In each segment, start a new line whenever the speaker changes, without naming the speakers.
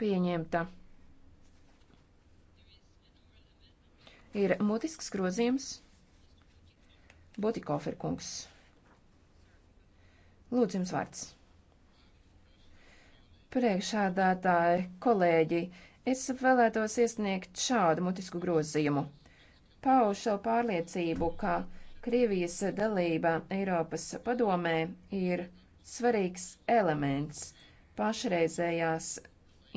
pieņemta. Ir mutisks grozījums. Botikofer kungs. Lūdzu, jums vārds. Priekšādātāji, kolēģi, es vēlētos iesniegt šādu mutisku grozījumu. Pauž savu pārliecību, ka Krievijas dalība Eiropas padomē ir svarīgs elements pašreizējās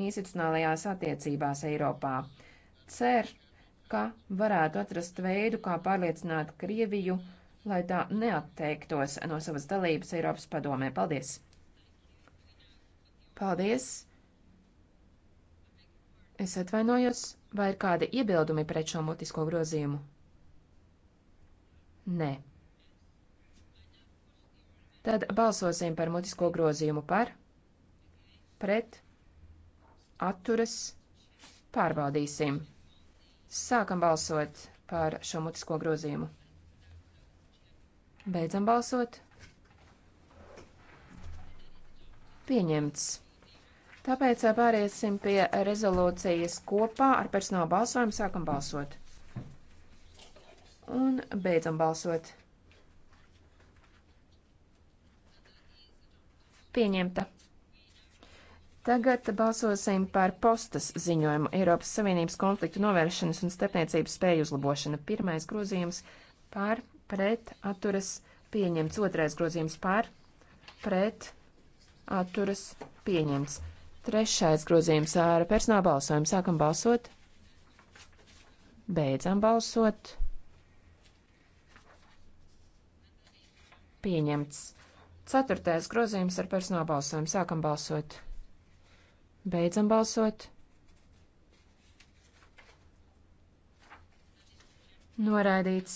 institucionālajās attiecībās Eiropā. Cer, ka varētu atrast veidu, kā pārliecināt Krieviju, lai tā neatteiktos no savas dalības Eiropas padomē. Paldies! Paldies! Es atvainojos, vai ir kādi iebildumi pret šo mutisko grozījumu? Nē. Tad balsosim par mutisko grozījumu par, pret, atturas pārbaudīsim. Sākam balsot par šo mutisko grozījumu. Beidzam balsot. Pieņemts. Tāpēc pāriesim pie rezolūcijas kopā ar personālu balsojumu. Sākam balsot. Un beidzam balsot. Pieņemta. Tagad balsosim par postas ziņojumu Eiropas Savienības konfliktu novēršanas un starpniecības spēju uzlabošana. Pirmais grozījums pār, pret, atturas, pieņemts. Otrais grozījums pār, pret, atturas, pieņemts. Trešais grozījums ar personāla balsojumu. Sākam balsot. Beidzam balsot. Pieņemts. Ceturtais grozījums ar personāla balsojumu. Sākam balsot. Beidzam balsot. Noraidīts.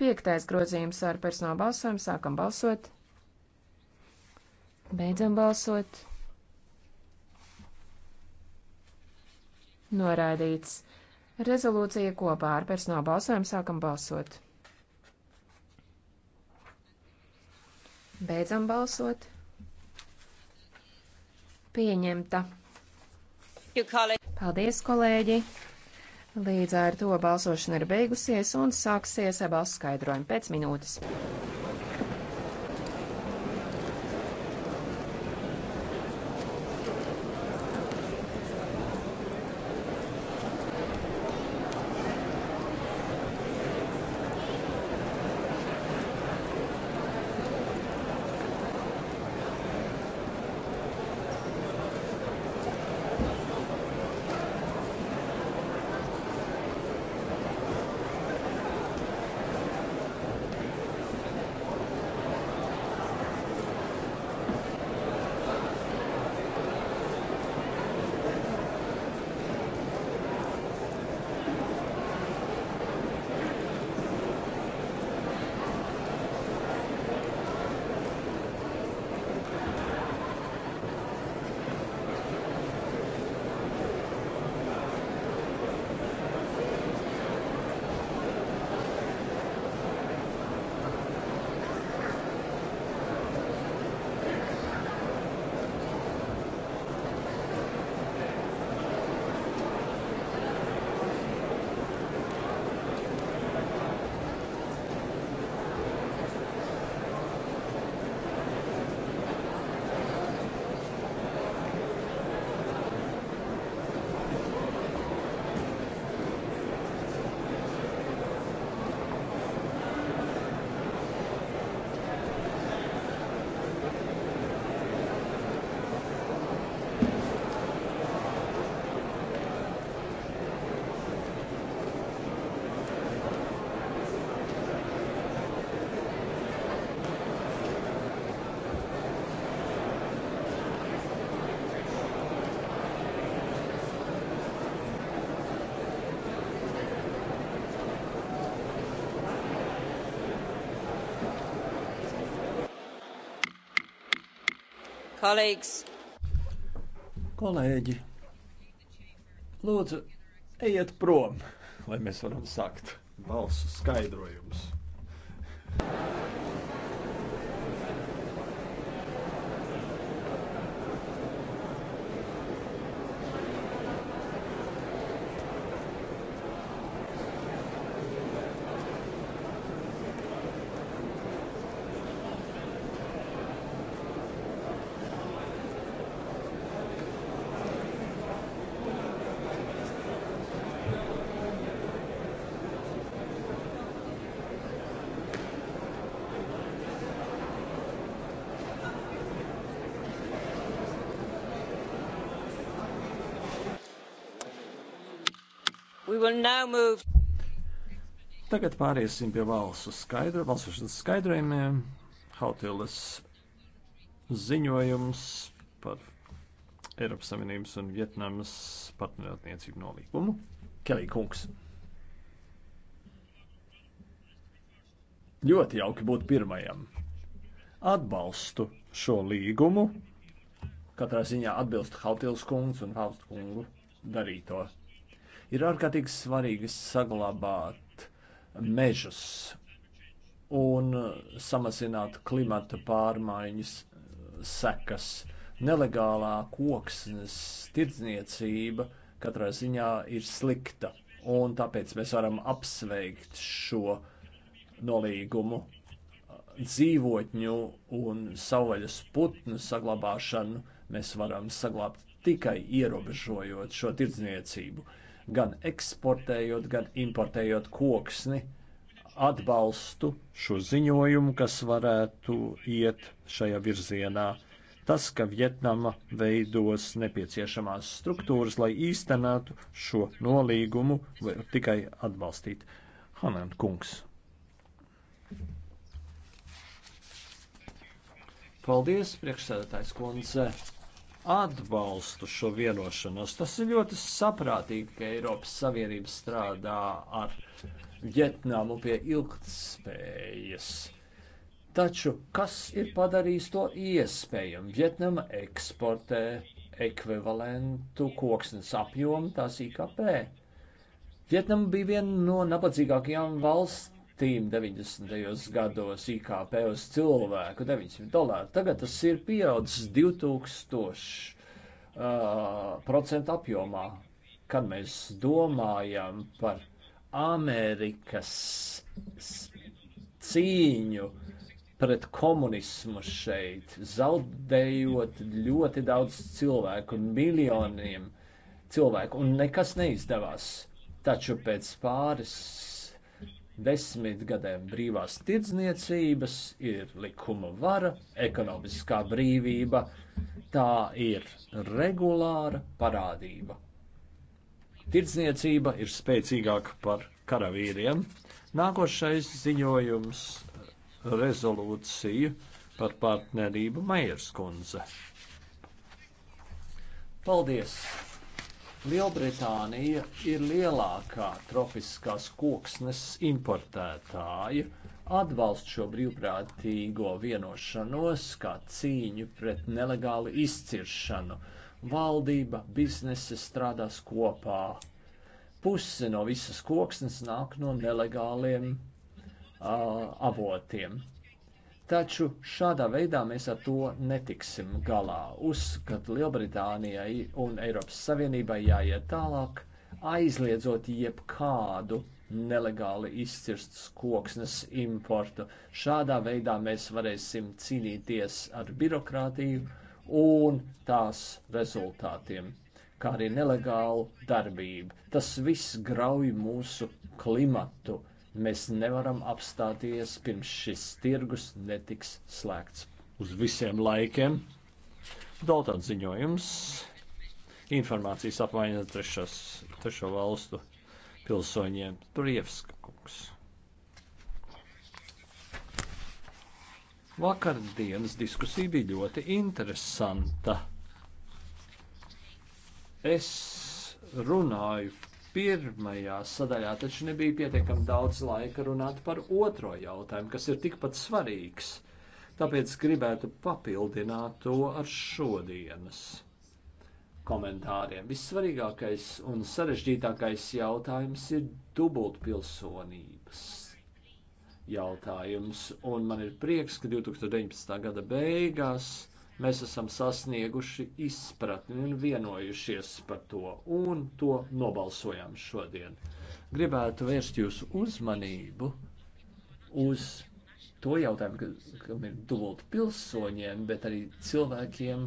Piektais grozījums ar personālu balsojumu. Sākam balsot. Beidzam balsot. Noraidīts. Rezolūcija kopā ar personālu balsojumu. Sākam balsot. Beidzam balsot. Pieņemta. Paldies, kolēģi! Līdz ar to balsošana ir beigusies un sāksies balsu skaidrojumi pēc minūtes. Kolēģis. Kolēģi,
lūdzu, ejiet prom, lai mēs varam sākt balsu skaidrojumu. Tagad pāriesim pie valsu skaidro, valsošanas skaidrojumiem. Hautilas ziņojums par Eiropas Savienības un Vietnamas partnerattiecību nolīgumu. Kelī kungs. Ļoti jauki būt pirmajam. Atbalstu šo līgumu. Katrā ziņā atbilst Hautilas kungs un Haustu kungu darīto. Ir ārkārtīgi svarīgi saglabāt mežus un samazināt klimata pārmaiņas eh, sekas. Nelegālā koksnes tirdzniecība katrā ziņā ir slikta, un tāpēc mēs varam apsveikt šo nolīgumu dzīvotņu un savvaļas putnu saglabāšanu mēs varam saglabāt tikai ierobežojot šo tirdzniecību gan eksportējot, gan importējot koksni, atbalstu šo ziņojumu, kas varētu iet šajā virzienā. Tas, ka Vietnama veidos nepieciešamās struktūras, lai īstenātu šo nolīgumu, var tikai atbalstīt. Hanan kungs. Paldies, priekšsēdētājs kundze atbalstu šo vienošanos. Tas ir ļoti saprātīgi, ka Eiropas Savienība strādā ar Vietnamu pie ilgtspējas. Taču kas ir padarījis to iespējamu? Vietnama eksportē ekvivalentu koksnes apjomu tās IKP. Vietnama bija viena no nabadzīgākajām valstīm centiem 90. gados IKP uz cilvēku 900 dolāru. Tagad tas ir pieaudzis 2000 uh, procentu apjomā. Kad mēs domājam par Amerikas cīņu pret komunismu šeit, zaudējot ļoti daudz cilvēku, miljoniem cilvēku, un nekas neizdevās. Taču pēc pāris desmitgadēm brīvās tirdzniecības, ir likuma vara, ekonomiskā brīvība. Tā ir regulāra parādība. Tirdzniecība ir spēcīgāka par karavīriem. Nākošais ziņojums rezolūciju par partnerību Maierskundze. Paldies! Lielbritānija ir lielākā tropiskās koksnes importētāja. Atbalst šo brīvprātīgo vienošanos kā cīņu pret nelegālu izciršanu. Valdība, biznese strādās kopā. Pusi no visas koksnes nāk no nelegāliem uh, avotiem. Taču šādā veidā mēs ar to netiksim galā. Uzskatu Lielbritānijai un Eiropas Savienībai jāiet tālāk, aizliedzot jebkādu nelegāli izcirsts koksnes importu. Šādā veidā mēs varēsim cīnīties ar birokrātiju un tās rezultātiem, kā arī nelegālu darbību. Tas viss grauj mūsu klimatu Mēs nevaram apstāties, pirms šis tirgus netiks slēgts uz visiem laikiem. Daltons ziņojums - informācijas apmaiņa trešas, trešo valstu pilsoņiem. Turievska kungs. Vakardienas diskusija bija ļoti interesanta. Es runāju pirmajā sadaļā, taču nebija pietiekami daudz laika runāt par otro jautājumu, kas ir tikpat svarīgs. Tāpēc gribētu papildināt to ar šodienas komentāriem. Vissvarīgākais un sarežģītākais jautājums ir dubultpilsonības jautājums, un man ir prieks, ka 2019. gada beigās Mēs esam sasnieguši izpratni un vienojušies par to, un to nobalsojām šodien. Gribētu vērst jūsu uzmanību uz to jautājumu, ka, kam ir dubult pilsoņiem, bet arī cilvēkiem,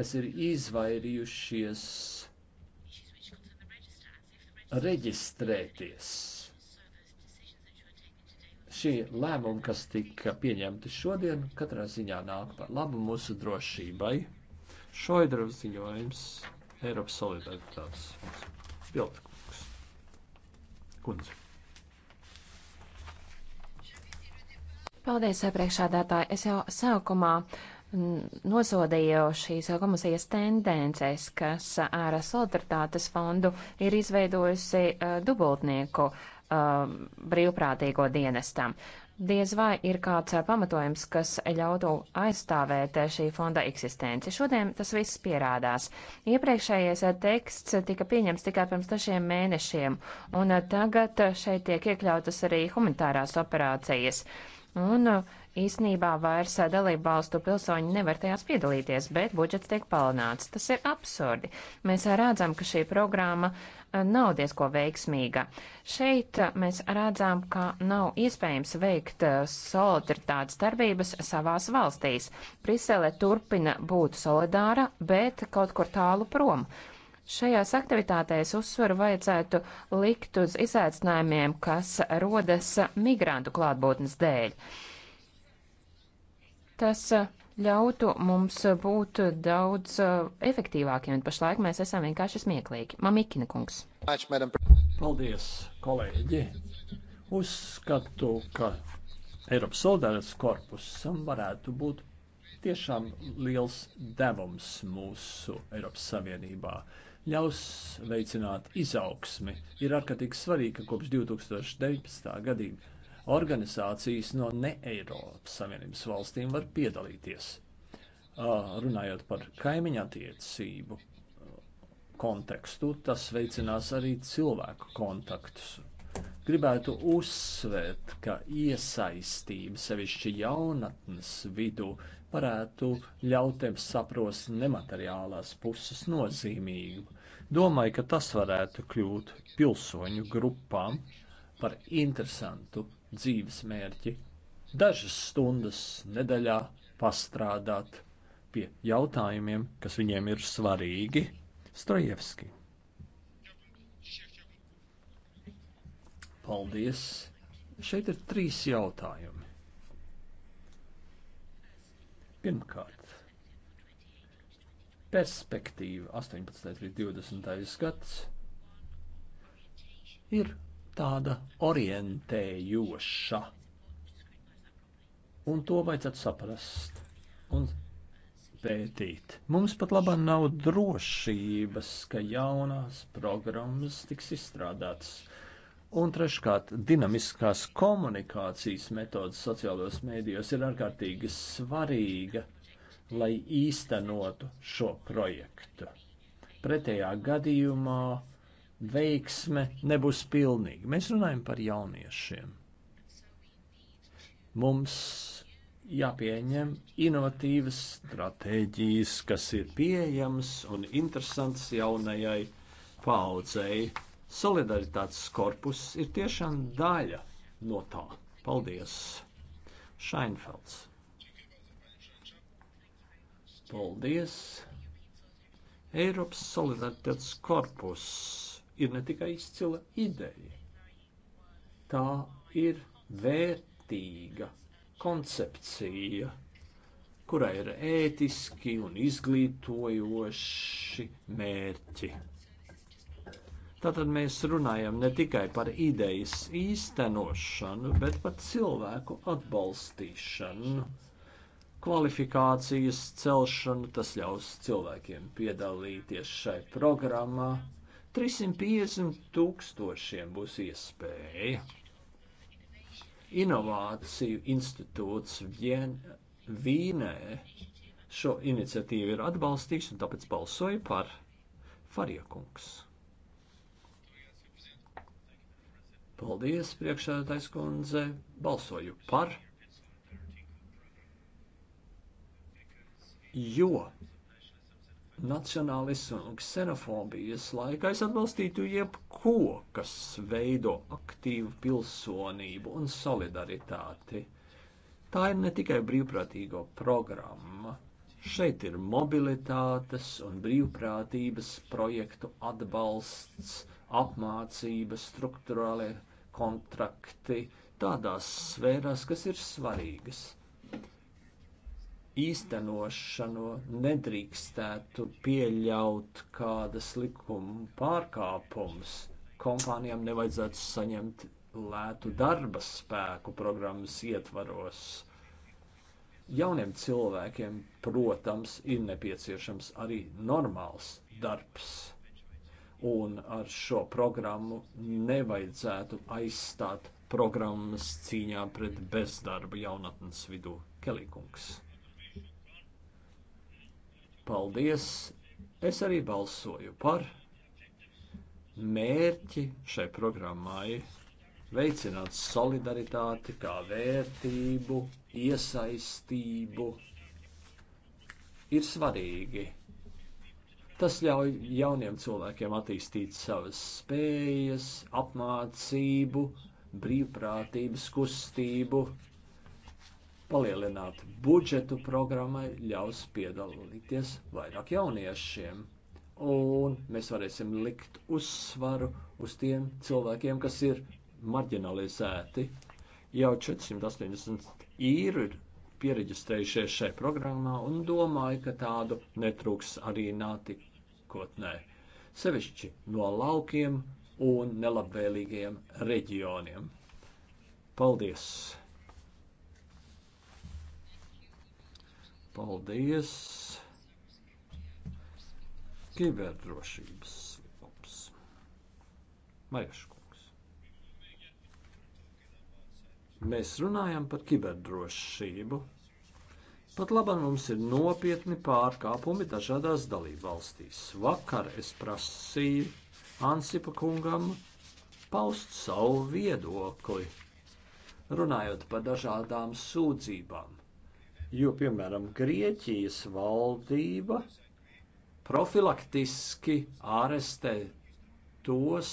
kas ir izvairījušies reģistrēties šie lēmumi, kas tika pieņemti šodien, katrā ziņā nāk par labu mūsu drošībai. Šoidra ziņojums Eiropas solidaritātes piltkungs. Kundze.
Paldies, priekšādātāji. Es jau sākumā nosodīju šīs komisijas tendences, kas ar solidaritātes fondu ir izveidojusi eh, dubultnieku uh, um, brīvprātīgo dienestam. Diez vai ir kāds uh, pamatojums, kas ļautu aizstāvēt uh, šī fonda eksistenci. Šodien tas viss pierādās. Iepriekšējais uh, teksts tika pieņemts tikai pirms dažiem mēnešiem, un tagad šeit tiek iekļautas arī humanitārās operācijas. Un uh, īsnībā vairs eh, dalību valstu pilsoņi nevar tajās piedalīties, bet budžets tiek palināts. Tas ir absurdi. Mēs eh, redzam, ka šī programma eh, nav diezko veiksmīga. Šeit mēs redzam, ka nav iespējams veikt solidaritātes darbības savās valstīs. Brisele turpina būt solidāra, bet kaut kur tālu prom. Šajās aktivitātēs uzsvaru vajadzētu likt uz izaicinājumiem, kas rodas migrantu klātbūtnes dēļ. Tas uh, ļautu mums uh, būt uh, daudz efektīvākiem, bet pašlaik mēs esam vienkārši smieklīgi. Mamikina kungs.
Paldies, kolēģi! Uzskatu, ka Eiropas solidaritātes korpusam varētu būt tiešām liels devums mūsu Eiropas Savienībā. Ļaus veicināt izaugsmi. Ir ārkārtīgi svarīgi, ka kopš 2019. gadījuma organizācijas no ne Eiropas Savienības valstīm var piedalīties. Runājot par kaimiņu attiecību kontekstu, tas veicinās arī cilvēku kontaktus. Gribētu uzsvērt, ka iesaistība sevišķi jaunatnes vidū varētu ļautiem saprast nemateriālās puses nozīmīgu. Domāju, ka tas varētu kļūt pilsoņu grupām par interesantu dzīves mērķi - dažas stundas nedēļā pastrādāt pie jautājumiem, kas viņiem ir svarīgi. Strojevski. Paldies! Šeit ir trīs jautājumi. Pirmkārt, perspektīva 18. līdz 20. gads ir tāda orientējoša. Un to vajadzētu saprast un pētīt. Mums pat labā nav drošības, ka jaunās programmas tiks izstrādātas. Un treškārt, dinamiskās komunikācijas metodas sociālajos mēdījos ir ārkārtīgi svarīga, lai īstenotu šo projektu. Pretējā gadījumā veiksme nebūs pilnīga. Mēs runājam par jauniešiem. Mums jāpieņem inovatīvas stratēģijas, kas ir pieejamas un interesants jaunajai paudzei. Solidaritātes korpus ir tiešām daļa no tā. Paldies! Šainfelds. Paldies! Eiropas solidaritātes korpus ir ne tikai izcila ideja. Tā ir vērtīga koncepcija, kurai ir ētiski un izglītojoši mērķi. Tātad mēs runājam ne tikai par idejas īstenošanu, bet par cilvēku atbalstīšanu, kvalifikācijas celšanu. Tas ļaus cilvēkiem piedalīties šai programmā, 350 tūkstošiem būs iespēja. Inovāciju institūts vien, Vīnē šo iniciatīvu ir atbalstījis un tāpēc balsoju par Fariekungs. Paldies, priekšsēdētājs kundze. Balsoju par. Jo nacionālismu un ksenofobijas laikā es atbalstītu jebko, kas veido aktīvu pilsonību un solidaritāti. Tā ir ne tikai brīvprātīgo programma. Šeit ir mobilitātes un brīvprātības projektu atbalsts, apmācības, struktūrālie kontrakti tādās sfērās, kas ir svarīgas īstenošanu nedrīkstētu pieļaut kādas likuma pārkāpums. Kompānijām nevajadzētu saņemt lētu darba spēku programmas ietvaros. Jauniem cilvēkiem, protams, ir nepieciešams arī normāls darbs. Un ar šo programmu nevajadzētu aizstāt programmas cīņā pret bezdarbu jaunatnes vidū Kelīkungs. Paldies! Es arī balsoju par mērķi šai programmai veicināt solidaritāti kā vērtību, iesaistību ir svarīgi. Tas ļauj jauniem cilvēkiem attīstīt savas spējas, apmācību, brīvprātības kustību, palielināt budžetu programmai, ļaus piedalīties vairāk jauniešiem. Un mēs varēsim likt uzsvaru uz tiem cilvēkiem, kas ir marginalizēti. Jau 480 īri ir pieregistrējušies šai programmā un domāju, ka tādu netrūks arī nātikotnē. Sevišķi no laukiem un nelabvēlīgiem reģioniem. Paldies! Paldies! Kiberdrošības labs. Marieškungs. Mēs runājam par kiberdrošību. Pat labā mums ir nopietni pārkāpumi dažādās dalībvalstīs. Vakar es prasīju Ansipa kungam paust savu viedokli, runājot par dažādām sūdzībām jo, piemēram, Grieķijas valdība profilaktiski ārestē tos,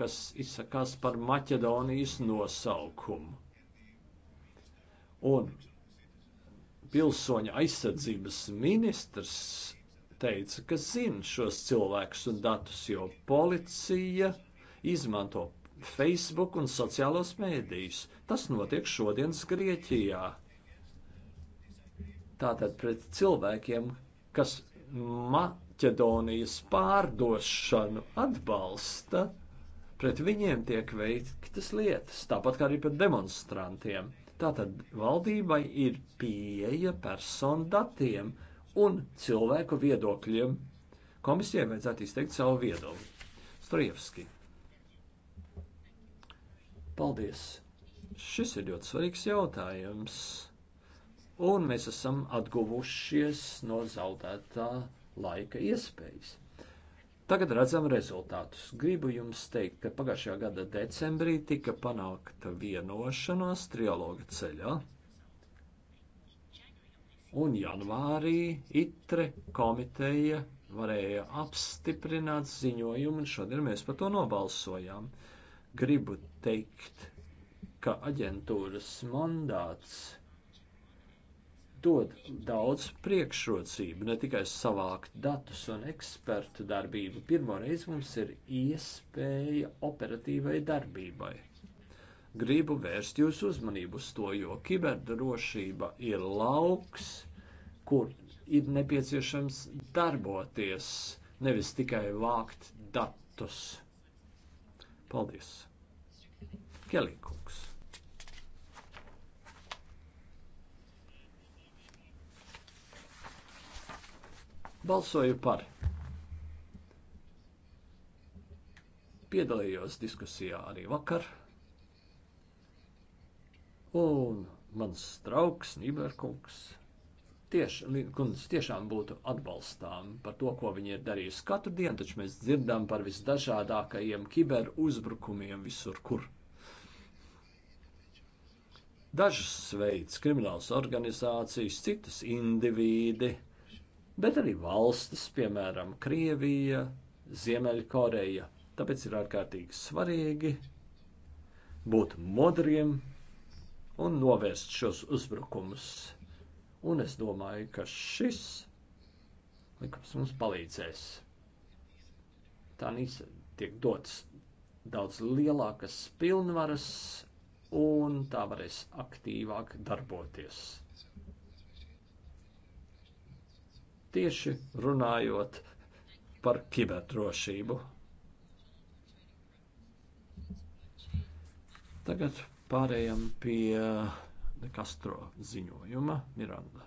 kas izsakās par Maķedonijas nosaukumu. Un pilsoņa aizsardzības ministrs teica, ka zina šos cilvēkus un datus, jo policija izmanto Facebook un sociālos mēdījus. Tas notiek šodienas Grieķijā. Tātad pret cilvēkiem, kas Maķedonijas pārdošanu atbalsta, pret viņiem tiek veiktas lietas, tāpat kā arī pret demonstrantiem. Tātad valdībai ir pieeja personu datiem un cilvēku viedokļiem. Komisijai vajadzētu izteikt savu viedokli. Strojevski. Paldies! Šis ir ļoti svarīgs jautājums un mēs esam atguvušies no zaudētā laika iespējas. Tagad redzam rezultātus. Gribu jums teikt, ka pagājušajā gada decembrī tika panākta vienošanās trialoga ceļā, un janvārī ITRE komiteja varēja apstiprināt ziņojumu, un šodien mēs par to nobalsojām. Gribu teikt, ka aģentūras mandāts dod daudz priekšrocību, ne tikai savākt datus un ekspertu darbību. Pirmoreiz mums ir iespēja operatīvai darbībai. Gribu vērst jūsu uzmanību uz to, jo kiberdrošība ir lauks, kur ir nepieciešams darboties, nevis tikai vākt datus. Paldies! Kelīkungs! Balsoju par. Piedalījos diskusijā arī vakar. Un mans draugs Nīberkungs tieši, kundze, tiešām būtu atbalstām par to, ko viņi ir darījuši katru dienu, taču mēs dzirdam par visdažādākajiem kiberuzbrukumiem visur, kur. Dažas veids kriminālas organizācijas, citas indivīdi bet arī valstis, piemēram, Krievija, Ziemeļkoreja. Tāpēc ir ārkārtīgi svarīgi būt modriem un novērst šos uzbrukumus. Un es domāju, ka šis likums mums palīdzēs. Tā nīsa tiek dots daudz lielākas pilnvaras, un tā varēs aktīvāk darboties. tieši runājot par kiberdrošību. Tagad pārējām pie De Castro ziņojuma Miranda.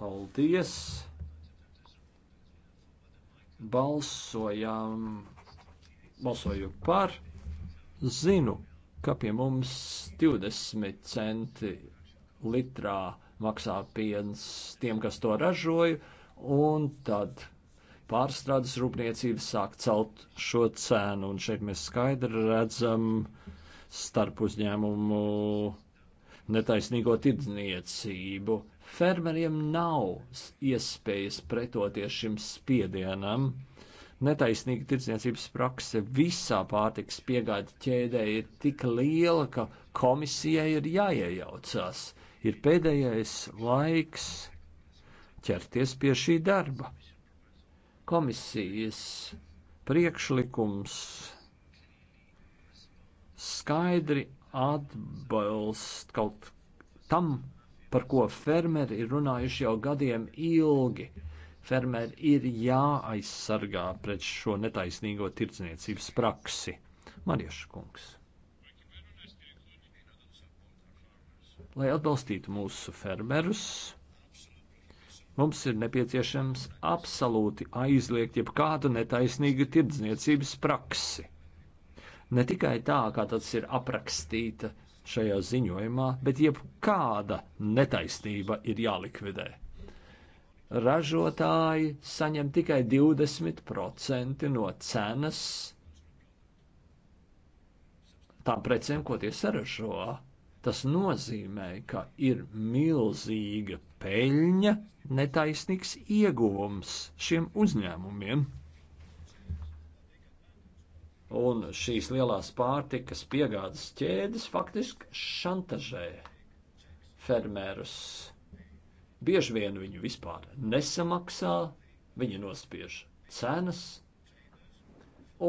Paldies! Balsojām, balsoju par. Zinu, ka pie mums 20 centi litrā maksā piens tiem, kas to ražoja, un tad pārstrādes rūpniecības sāk celt šo cenu. Un šeit mēs skaidri redzam starp uzņēmumu netaisnīgo tirdzniecību. Fermeriem nav iespējas pretoties šim spiedienam netaisnīga tirdzniecības prakse visā pārtiks piegāda ķēdē ir tik liela, ka komisijai ir jāiejaucās. Ir pēdējais laiks ķerties pie šī darba. Komisijas priekšlikums skaidri atbalst kaut tam, par ko fermeri ir runājuši jau gadiem ilgi Fermēri ir jāaizsargā pret šo netaisnīgo tirdzniecības praksi. Marieša kungs. Lai atbalstītu mūsu fermerus, mums ir nepieciešams absolūti aizliegt jebkādu netaisnīgu tirdzniecības praksi. Ne tikai tā, kā tas ir aprakstīta šajā ziņojumā, bet jebkāda netaisnība ir jālikvidē ražotāji saņem tikai 20% no cenas tām precēm, ko tie saražo. Tas nozīmē, ka ir milzīga peļņa, netaisnīgs ieguvums šiem uzņēmumiem. Un šīs lielās pārtikas piegādes ķēdes faktiski šantažē fermērus Bieži vien viņu vispār nesamaksā, viņi nospiež cenas,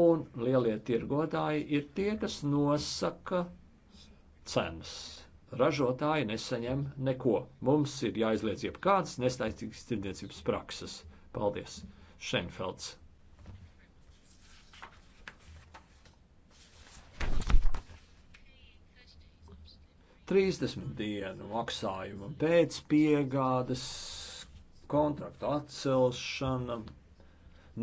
un lielie tirgotāji ir tie, kas nosaka cenas. Ražotāji nesaņem neko. Mums ir jāizliedz jebkādas nesaistīgas tirdzniecības prakses. Paldies, Šenfelds! 30 dienu maksājuma pēc piegādes, kontraktu atcelšana,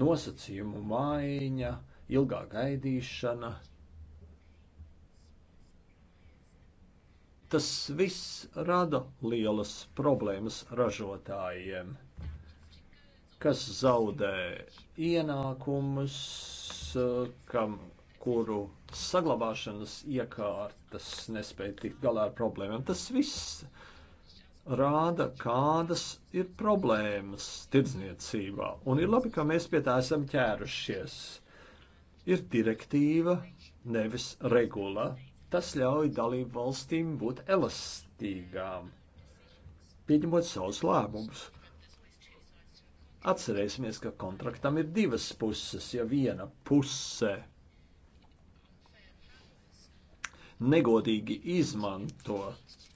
nosacījumu maiņa, ilgā gaidīšana. Tas viss rada lielas problēmas ražotājiem, kas zaudē ienākumus, kam kuru saglabāšanas iekārtas nespēja tikt galā ar problēmām. Tas viss rāda, kādas ir problēmas tirdzniecībā. Un ir labi, ka mēs pie tā esam ķērušies. Ir direktīva, nevis regula. Tas ļauj dalību valstīm būt elastīgām, pieņemot savus lēmumus. Atcerēsimies, ka kontraktam ir divas puses. Ja viena puse negodīgi izmanto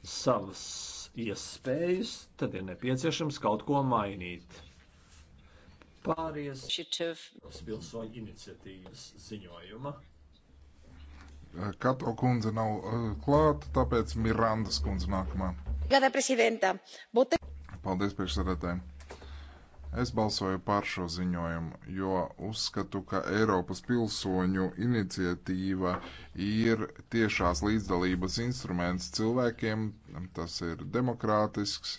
savas iespējas, tad ir nepieciešams kaut ko mainīt. Pāries pilsoņu iniciatīvas ziņojuma.
Kato kundze nav klāta, tāpēc Mirandas kundze nākamā.
Gada prezidenta.
Paldies priekšsēdētājiem. Es balsoju par šo ziņojumu, jo uzskatu, ka Eiropas pilsoņu iniciatīva ir tiešās līdzdalības instruments cilvēkiem, tas ir demokrātisks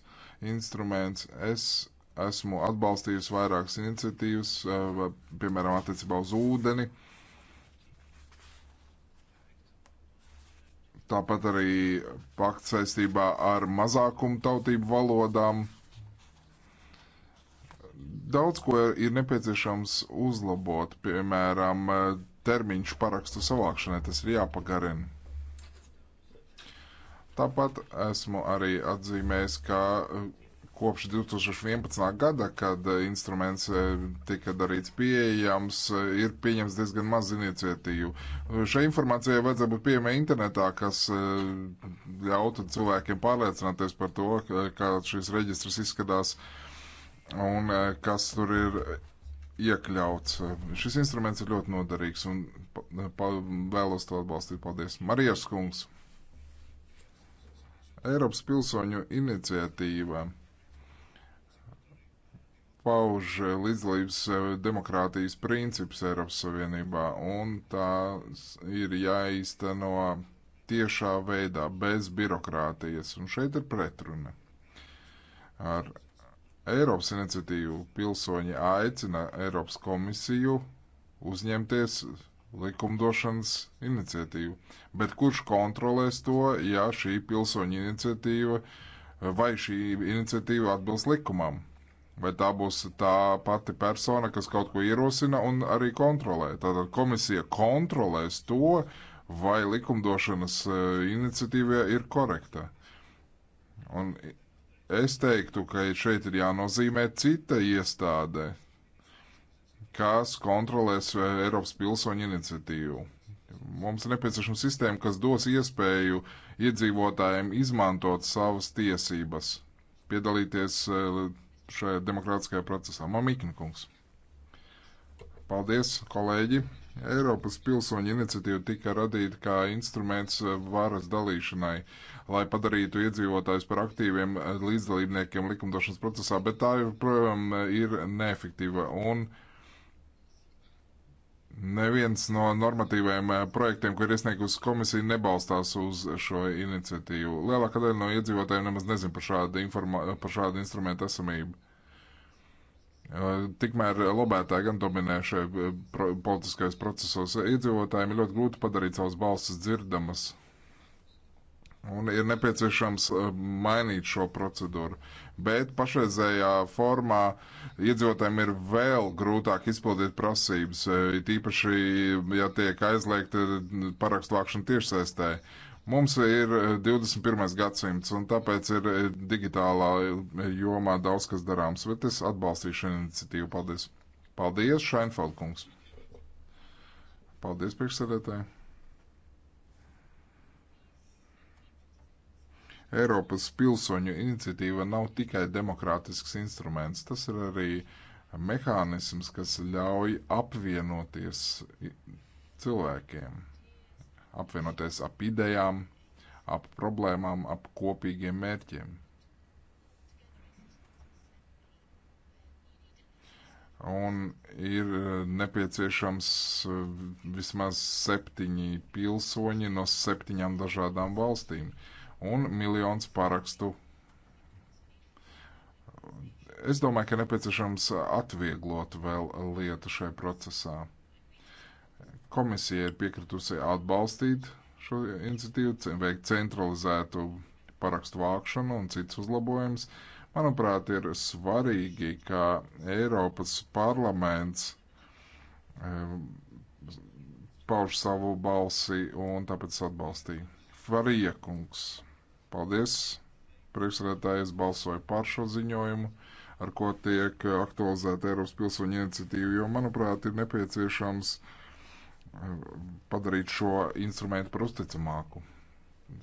instruments. Es esmu atbalstījis vairākas iniciatīvas, eh, piemēram, attiecībā uz ūdeni. Tāpat arī pakts saistībā ar mazākumu tautību valodām Daudz ko ir nepieciešams uzlabot, piemēram, termiņš parakstu savākšanai, tas ir jāpagarina. Tāpat esmu arī atzīmējis, ka eh, kopš 2011. gada, kad eh, instruments eh, tika darīts pieejams, ir pieņems diezgan maz iniciatīvu. Šai informācijai vajadzētu būt pieejamai internetā, kas ļautu cilvēkiem pārliecināties par to, kā šis reģistrs izskatās un eh, kas tur ir iekļauts. Šis instruments ir ļoti noderīgs un vēlos to atbalstīt. Paldies, Marijas kungs! Eiropas pilsoņu iniciatīva pauž līdzdalības eh, demokrātijas princips Eiropas Savienībā, un tā ir jāīsteno tiešā veidā, bez birokrātijas, un šeit ir pretruna ar Eiropas iniciatīvu pilsoņi aicina Eiropas komisiju uzņemties likumdošanas iniciatīvu. Bet kurš kontrolēs to, ja šī pilsoņa iniciatīva vai šī iniciatīva atbilst likumam? Vai tā būs tā pati persona, kas kaut ko ierosina un arī kontrolē? Tātad komisija kontrolēs to, vai likumdošanas eh, iniciatīva ir korekta. Un Es teiktu, ka šeit ir jānozīmē cita iestāde, kas kontrolēs eh, Eiropas pilsoņu iniciatīvu. Mums ir nepieciešama sistēma, kas dos iespēju iedzīvotājiem izmantot savas tiesības, piedalīties eh, šajā demokrātiskajā procesā. Mamikņkungs. Paldies, kolēģi! Eiropas pilsoņu iniciatīva tika radīta kā instruments varas dalīšanai, lai padarītu iedzīvotājus par aktīviem līdzdalībniekiem likumdošanas procesā, bet tā joprojām ir neefektīva. Un neviens no normatīvajiem projektiem, ko ir iesniegusi komisija, nebalstās uz šo iniciatīvu. Lielākā daļa no iedzīvotājiem nemaz nezin par šādu, informā, par šādu instrumentu esamību. Tikmēr lobētāji gan dominē šajā politiskajos procesos. Iedzīvotājiem ir ļoti grūti padarīt savas balsis dzirdamas. Un ir nepieciešams mainīt šo procedūru. Bet pašreizējā formā iedzīvotājiem ir vēl grūtāk izpildīt prasības, tīpaši, ja tiek aizliegta parakstu vākšana tiešsaistē. Mums ir 21. Eh, gadsimts, un tāpēc ir eh, digitālā eh, jomā daudz kas darāms, bet es atbalstīšu iniciatīvu. Paldies! Paldies, Šainfeld kungs! Paldies, priekšsēdētāji! Eiropas pilsoņu iniciatīva nav tikai demokrātisks instruments, tas ir arī mehānisms, kas ļauj apvienoties cilvēkiem apvienoties ap idejām, ap problēmām, ap kopīgiem mērķiem. Un ir eh, nepieciešams eh, vismaz septiņi pilsoņi no septiņām dažādām valstīm un miljons parakstu. Es domāju, ka nepieciešams atvieglot vēl lietu šai procesā. Komisija ir piekritusi atbalstīt šo iniciatīvu, veikt centralizētu parakstu vākšanu un citas uzlabojumus. Manuprāt, ir svarīgi, ka Eiropas parlaments um, pauž savu balsi un tāpēc atbalstīja. Farija kungs, paldies! Priekšsēdētājs balsoja par šo ziņojumu, ar ko tiek aktualizēta Eiropas pilsoņu iniciatīva, jo, manuprāt, ir nepieciešams uh, padarīt šo instrumentu par uzticamāku.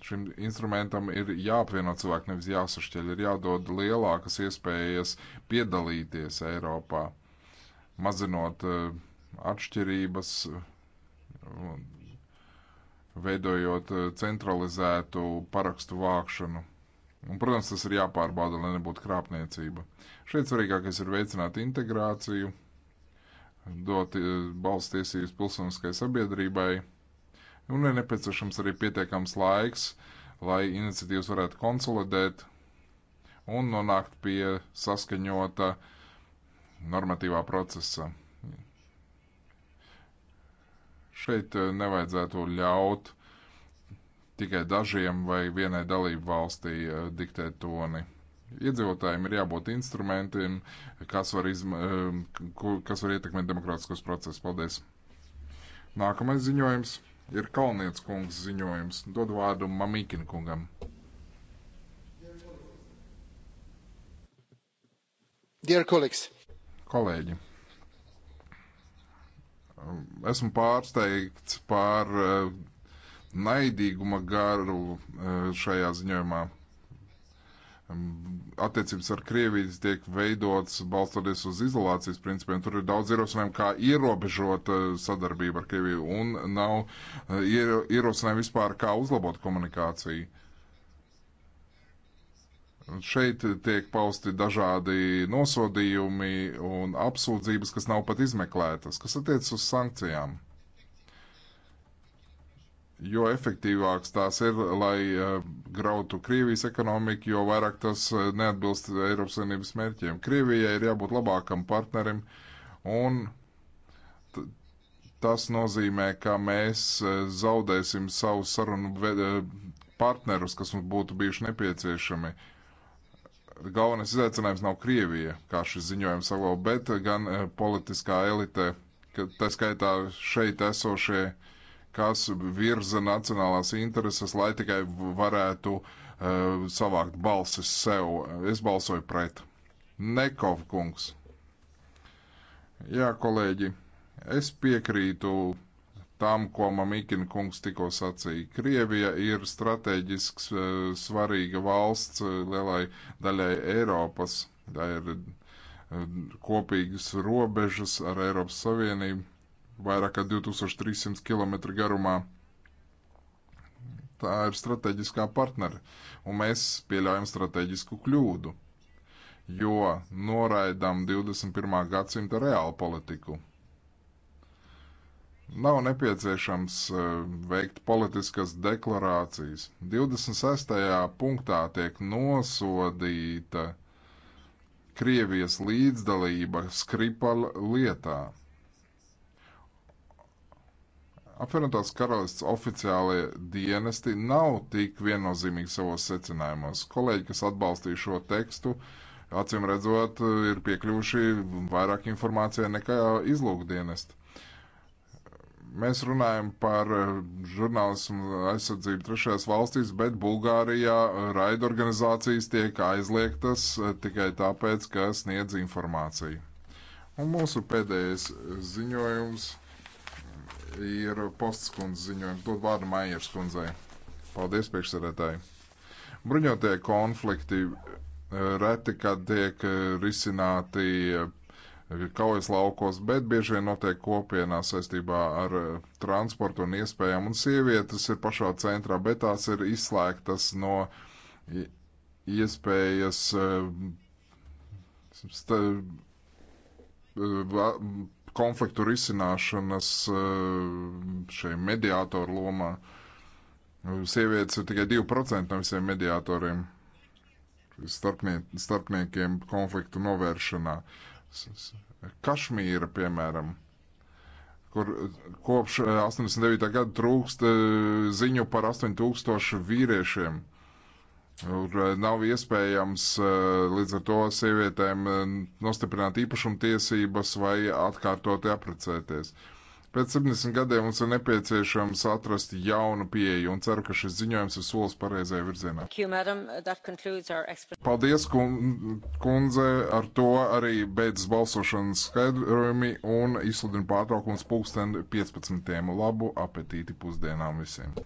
Šim instrumentam ir jāapvieno cilvēki, nevis jāsašķeļ, ir jādod lielākas iespējas piedalīties Eiropā, mazinot eh, atšķirības, veidojot eh, centralizētu parakstu vākšanu. Un, protams, tas ir jāpārbauda, lai nebūtu krāpniecība. Šeit svarīgākais ir veicināt integrāciju dot eh, balsts tiesības pilsoniskai sabiedrībai, un ir nepieciešams arī pietiekams laiks, lai iniciatīvas varētu konsolidēt un nonākt pie saskaņota normatīvā procesa. Šeit eh, nevajadzētu ļaut tikai dažiem vai vienai dalību valstī eh, diktēt toni. Iedzīvotājiem ir jābūt instrumentiem, kas var, izma, ehm, kas var ietekmēt demokrātiskos procesus. Paldies! Nākamais ziņojums ir Kalniets kungs ziņojums. Dod vārdu Mamīkin kungam. Dear colleagues. Kolēģi. Esmu pārsteigts par eh, naidīguma garu eh, šajā ziņojumā attiecības ar Krieviju tiek veidotas balstoties uz izolācijas principiem. Tur ir daudz ierosinājumu, kā ierobežot eh, sadarbību ar Krieviju, un nav eh, ierosinājumu vispār, kā uzlabot komunikāciju. Šeit tiek pausti dažādi nosodījumi un apsūdzības, kas nav pat izmeklētas, kas attiec uz sankcijām jo efektīvāks tās ir, lai eh, grautu Krievijas ekonomiku, jo vairāk tas eh, neatbilst Eiropas Savienības mērķiem. Krievijai ir jābūt labākam partnerim, un tas nozīmē, ka mēs eh, zaudēsim savus sarunu partnerus, kas mums būtu bijuši nepieciešami. Galvenais izaicinājums nav Krievija, kā šis ziņojums savo, bet gan politiskā elite, tā skaitā šeit esošie uh, kas virza nacionālās intereses, lai tikai varētu uh, savākt balsis sev. Es balsoju pret. Nekov kungs. Jā, kolēģi, es piekrītu tam, ko Mamikina kungs tikko sacīja. Krievija ir strateģisks eh, svarīga valsts eh, lielai daļai Eiropas. Tā ir kopīgas robežas ar Eiropas Savienību vairāk kā 2300 km garumā. Tā ir strateģiskā partneri, un mēs pieļaujam strateģisku kļūdu, jo noraidām 21. gadsimta reālu politiku. Nav nepieciešams eh, veikt politiskas deklarācijas. 26. punktā tiek nosodīta Krievijas līdzdalība Skripal lietā. Apvienotās karalists oficiālie dienesti nav tik viennozīmīgi savos secinājumos. Kolēģi, kas atbalstīja šo tekstu, acīm redzot, ir piekļuvuši vairāk informācijai nekā izlūkdienesti. Mēs runājam par žurnālismu aizsardzību trešajās valstīs, bet Bulgārijā raidorganizācijas tiek aizliegtas tikai tāpēc, ka sniedz informāciju. Un mūsu pēdējais ziņojums ir posts kundzes ziņojums. Dod vārdu Maijers kundzei. Paldies, priekšsēdētāji. Bruņotie konflikti eh, reti, kad tiek eh, risināti eh, kaujas laukos, bet bieži vien notiek kopienā saistībā ar transportu un iespējām. Un sievietes ir pašā centrā, bet tās ir izslēgtas no iespējas sta, konfliktu risināšanas eh, šai mediātoru lomā. Sievietes ir tikai 2% no visiem mediātoriem, starpnie, starpniekiem konfliktu novēršanā. Kašmīra, piemēram, kur kopš 89. Eh, gada trūkst eh, ziņu par 8000 vīriešiem Eh, nav iespējams eh, līdz ar to sievietēm eh, nostiprināt īpašumtiesības vai atkārtot apprecēties. Pēc 70 gadiem mums ir nepieciešams atrast jaunu pieeju un ceru, ka šis ziņojums ir solis pareizajā virzienā. Paldies, kundze, ar to arī beidzas balsošanas skaidrojumi un izsludinu pārtraukums pulksten 15. Labu apetīti pusdienām visiem!